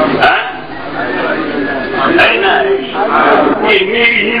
ها اين ايش مين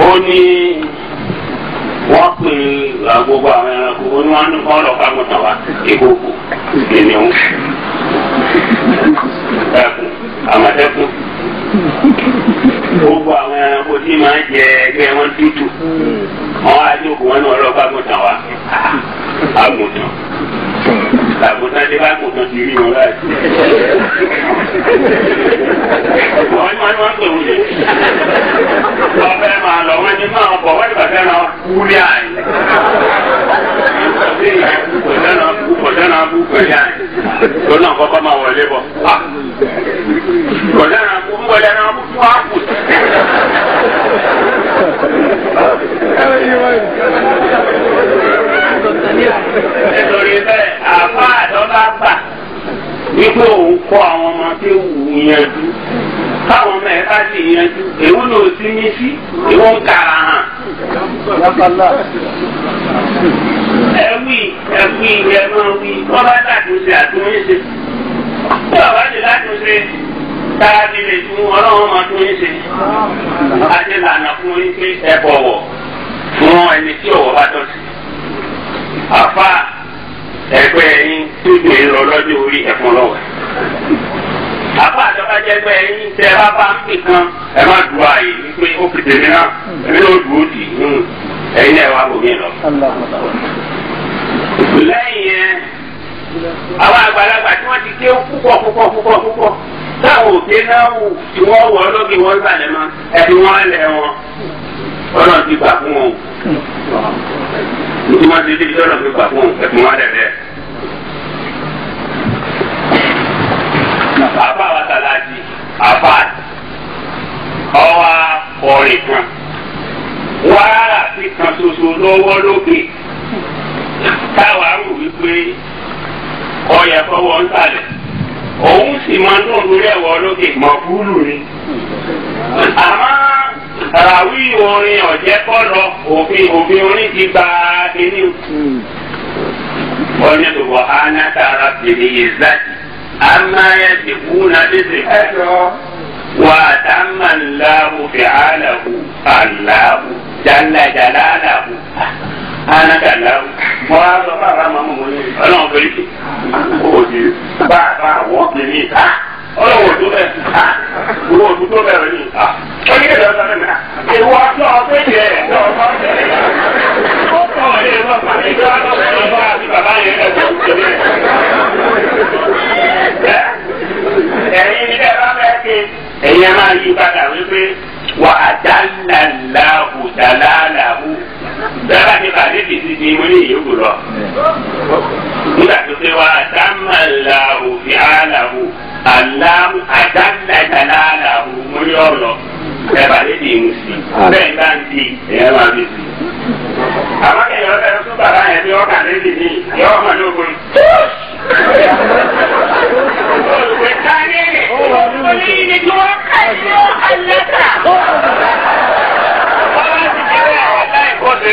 ó ní wọ́n pè gbogbo àwọn ẹranko ó ní wọ́n ní kọ́ lọ́ọ́ kágun tán wá ìgbòho ènìyàn ẹkùn àmọ̀tẹ́kùn gbogbo àwọn ẹranko tí máa ń jẹ ẹgbẹ́ wọn tútù wọn á jókòó wọn náà lọ́ọ́ kágun tán wá bá ti rí wọn wọ́n ní wọ́n ní wọ́n ń pè lọ wọ́n ní máa bọ̀ wọ́n ìgbà fẹ́ náà wúlé àyè. kò dáná kú kò dáná kú pẹ̀lú àyè. tó náà kọ́kọ́ máa wọlé bọ̀. kò dáná kú kò dáná kú fún àpò. nítorí bẹ́ẹ̀ àbá àdọ́lá gbà wípé òun kọ́ àwọn ọmọ tí wù yẹn táwọn mẹ́ta sì yanjú èwo ló ti mí sí èwo ń kara hàn. ẹ wí ẹ wí ẹ máa wí wọ́n bá dàtúnṣe àtúnṣe bí bàbá ti dàtúnṣe tára lè tún ọlọ́run ọmọ ṣe àti lànà fún yín pé ẹ bọ̀wọ̀ fún ẹni tí bá tọ́ sí. àfa ẹgbẹ́ yín bá jẹ́ pé ẹyin tẹ́ ẹ bá bá pè kan ẹ má dùn àyè wípé ó fi tèmi náà èmi náà dùn ó dì hmm. ẹyin náà wà bòmí lọ. lẹ́yìn yẹn àwọn àgbàlagbà tí wọ́n ti ké púpọ̀ púpọ̀ púpọ̀ púpọ̀ táwọn òkè náà wù tí wọ́n wọ̀ lókè wọ́n sàlẹ̀ mọ́ ẹbí wọ́n lẹ̀ wọn ọlọ́run ti gbà fún wọn. nítorí ti dé ìjọ́lọ́ fi gbà fún ẹbí wọ́n lẹ̀ bẹ́ẹ̀. lókè. mọ̀kúlù ni. àmọ́ ràwí orin ọ̀jẹ́ kọ́ lọ òfin òfin orin ti gba ẹni. wọ́n ní lùwọ̀ áná tààrà bèrè yẹn láti. àmọ́ ẹ̀ ti kú náà lè sè. ẹ jọ wàtàmà ńláhu fìcàlahu aláhu jàlá jàlálahu anagalahu. wọ́n á lọ bá ara màmú wọn ní ọlọ́run fẹ́lẹ́ kí. bá a bá a wọ́ọ̀kì ní ìta. bàbá àti bàbá yẹn ẹ̀ wọ́n ti tẹ̀lé. ẹ̀yin ni ẹ bá fẹ́ ké ẹ̀yin ẹ máa yí padà wípé wà á dáná làwù dáná làwù dábàá ní bàdé ti ti di mo bẹ́ẹ̀ bá ń di ẹ̀ máa fi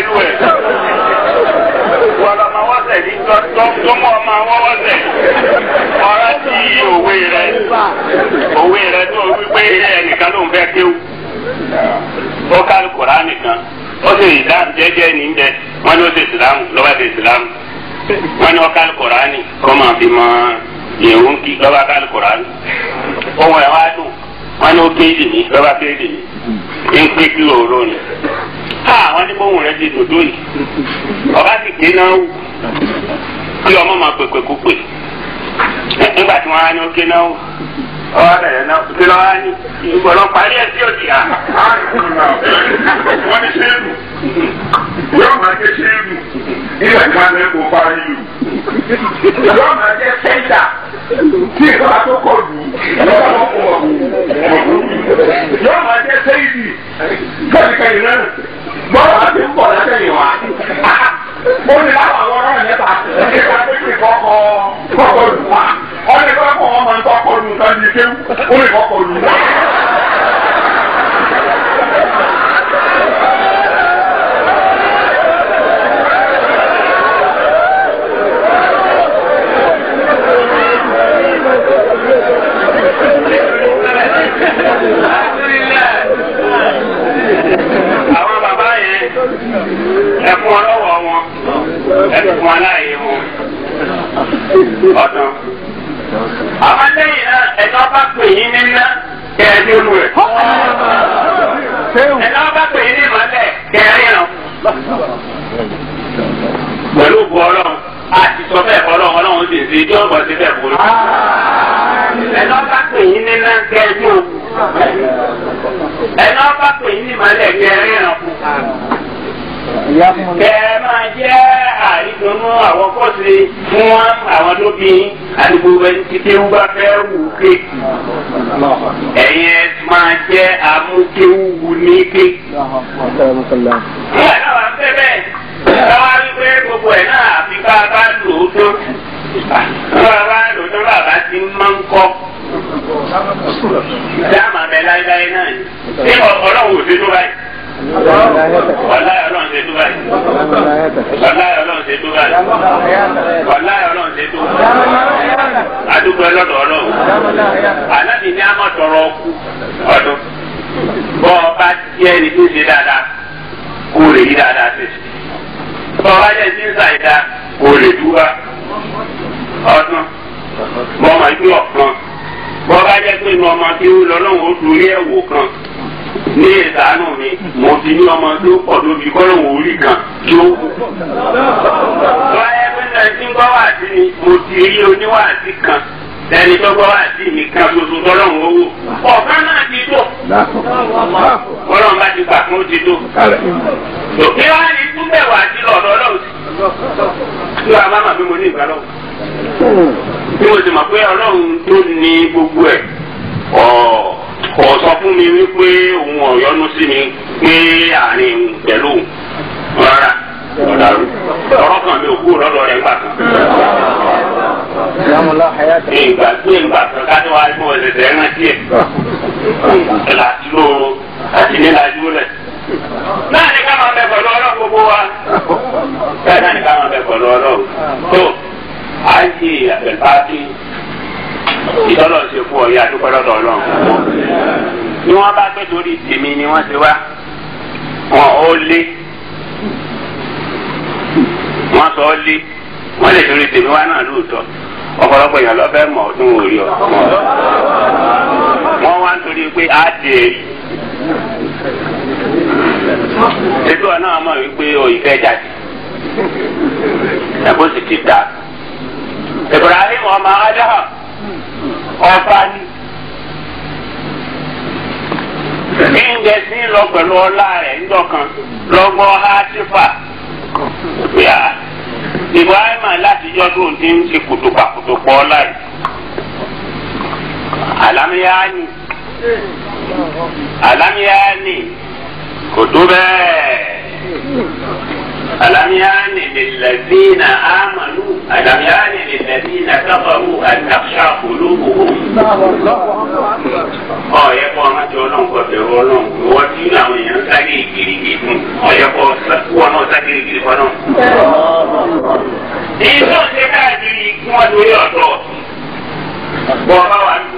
nínú ẹ̀. Wọ́n lọ máa wọ́sẹ̀ ní tó mọ̀ ọmọ àwọn wọ́sẹ̀. Ọ̀rá ti òwe rẹ̀ òwe rẹ̀ tó wípé ẹnìkan ló ń fẹ́ kéwù. Ó ká Kùrá nìkan. Ó sì ìdáhùn jẹ́jẹ́ ní bẹ́ẹ̀. Wọ́n ní ó ṣe ìsìlámù lọ́wọ́ ṣe ìsìlámù. Wọ́n ní ó ká Kùrá nì kọ́ máa fi mọ ìrún kí lọ́wọ́ ká Kùrá nì. Ohun ẹ̀ wá dùn. Wọ́n ní ó kéèdì ní lọ́wọ́ kéèdì ní. ń pé kí ni ha wọn ní bóun rẹ di dòdò yìí ọba sì ké na wù ọmọ ma pèpè kukpe. pè nígbà tí wọn á ní ó ké náà wù ọba kí lọ wá ní ìgbọ̀nà ah! ní sẹ́ẹ̀mù yóò máa kẹ́nikẹ́ni náà bọ́ọ̀lù àti ń bọ̀ látẹ̀yìn wa mo ní láwọn àwọn ọ̀rọ̀ mẹ́ta nípa pípé kọ́kọ́ kọ́kọ́ lù wá ọ̀nà ìgbà kan ọmọ nǹkan kọ́ lù ní kéwù ó lè kọ́kọ́ lù wá. ẹ̀fún aláìyé mu ọ̀dọ̀. pẹ̀lú bu ọlọ́run a ti sọ bẹ́ẹ̀ ọlọ́run ọlọ́run sì sí ijó ọ̀gbọ̀n sí bẹ́ẹ̀ bolo. ẹ̀dá bá pè yín níná kẹ́ẹ̀ẹ́dì olú. ẹ̀dá bá pè yín ní ìmọ̀lẹ̀ kẹ́ẹ̀ẹ́rì fún àwọn kọ́sì fún àwọn lóbìnrin àti gbogbo ẹni tí kéwú bá fẹ́ wù kéèkì. ẹ̀yin ẹ máa jẹ́ amúkéwú wù ní kéèkì. nígbà náà wà fẹ́ bẹ́ẹ̀ káwá wípé gbogbo ẹ̀ náà àfi ká bá lò ó tó. bá bá lò ó tó bàbá ti máa ń kọ́ dáàmà bẹ láéláé náà ni ṣé ọlọ́run ò ṣe tó báyìí. wàláyà ọlọ́run ṣe tó báyìí. wàláyà ọlọ́run ṣe tó báyìí wàlá ọlọ́run ṣe tó adúgbò ẹlọ́dọ̀ ọlọ́run alábì ní amọ̀tọ̀rọ̀ ọkú ọdún bọ́ ọba tí ẹni tó ṣe dáadáa kó lè yí dáadáa ṣe bọ́ ọba jẹ́ ti ń ṣàìdá kó lè dúró ọdún bọ́ ọmọ ìgbé ọ̀kan bọ́ ọba jẹ́ pé ọmọ tí ó lọ́lọ́run ó torí ẹ̀wò kan. ní ìdáná mi mo ti ní ọmọ tó pọ̀ tóbi kọ́ orí kan tí ó kù. ẹgbẹ́ pẹ́sẹ̀ tí ń gbọ́ wà sí ni mo ti rí oníwàásí kan ẹni tó gbọ́ sí mi kan owó ọ̀kan náà ti tó. bá ti gbà fún ti tó. kò sọ fún mi wípé òun ọ̀yọ́nú sí mi pé àárín pẹ̀lú rárá ọ̀dàrú ọ̀rọ̀ kan mi ò kúrò lọ́dọ̀ rẹ̀ gbà kan. ìgbà tó ìgbà kan kájọ wa ẹ̀sẹ̀ ẹ̀ àti gbogbo wa bẹ́ẹ̀ náà ní ká máa bẹ pẹ̀lú ọlọ́run tó àìsí fún ni wọ́n bá gbé torí tèmi ni wọ́n ti wá wọn ó lé wọ́n sọ ó lé wọ́n lè torí tèmi wá náà lóòótọ́ ọ̀pọ̀lọpọ̀ èèyàn lọ́fẹ́ mọ̀ ọdún orí ọ̀ wọ́n wá nítorí pé á dé èyí ètò ọ̀nà àmọ́ wípé òyì fẹ́ jáde ẹ̀kọ́ sì ti dà ìbùràhìm ọmọ adáhà ọba lọ pẹ̀lú ọlá rẹ̀ ńjọ kan lọ́gbọ́ hátífà bíà ìbáyìmọ̀ láti jọ́ tó ti ń ṣe kùtùpàkùtù pọ̀ ọlá yìí alamiyaani alamiyaani kò tó bẹ́ẹ̀ alamiyaani lè lẹ́sìn náà ámàlú alamiyaani. للذين كفروا أن تخشع قلوبهم ọ̀yẹ́ kọ́ ọmọdé ọlọ́nkọ bẹ̀rù ọlọ́nkọ wọ́n ti ní àwọn èèyàn sáré ìgirigì fún ọ̀yẹ́ kọ́ wọn náà sáré ìgirigì fún náà. èyí tó ń ṣe káàkiri kí wọ́n lórí ọ̀dọ́ bọ́ ọba wa lù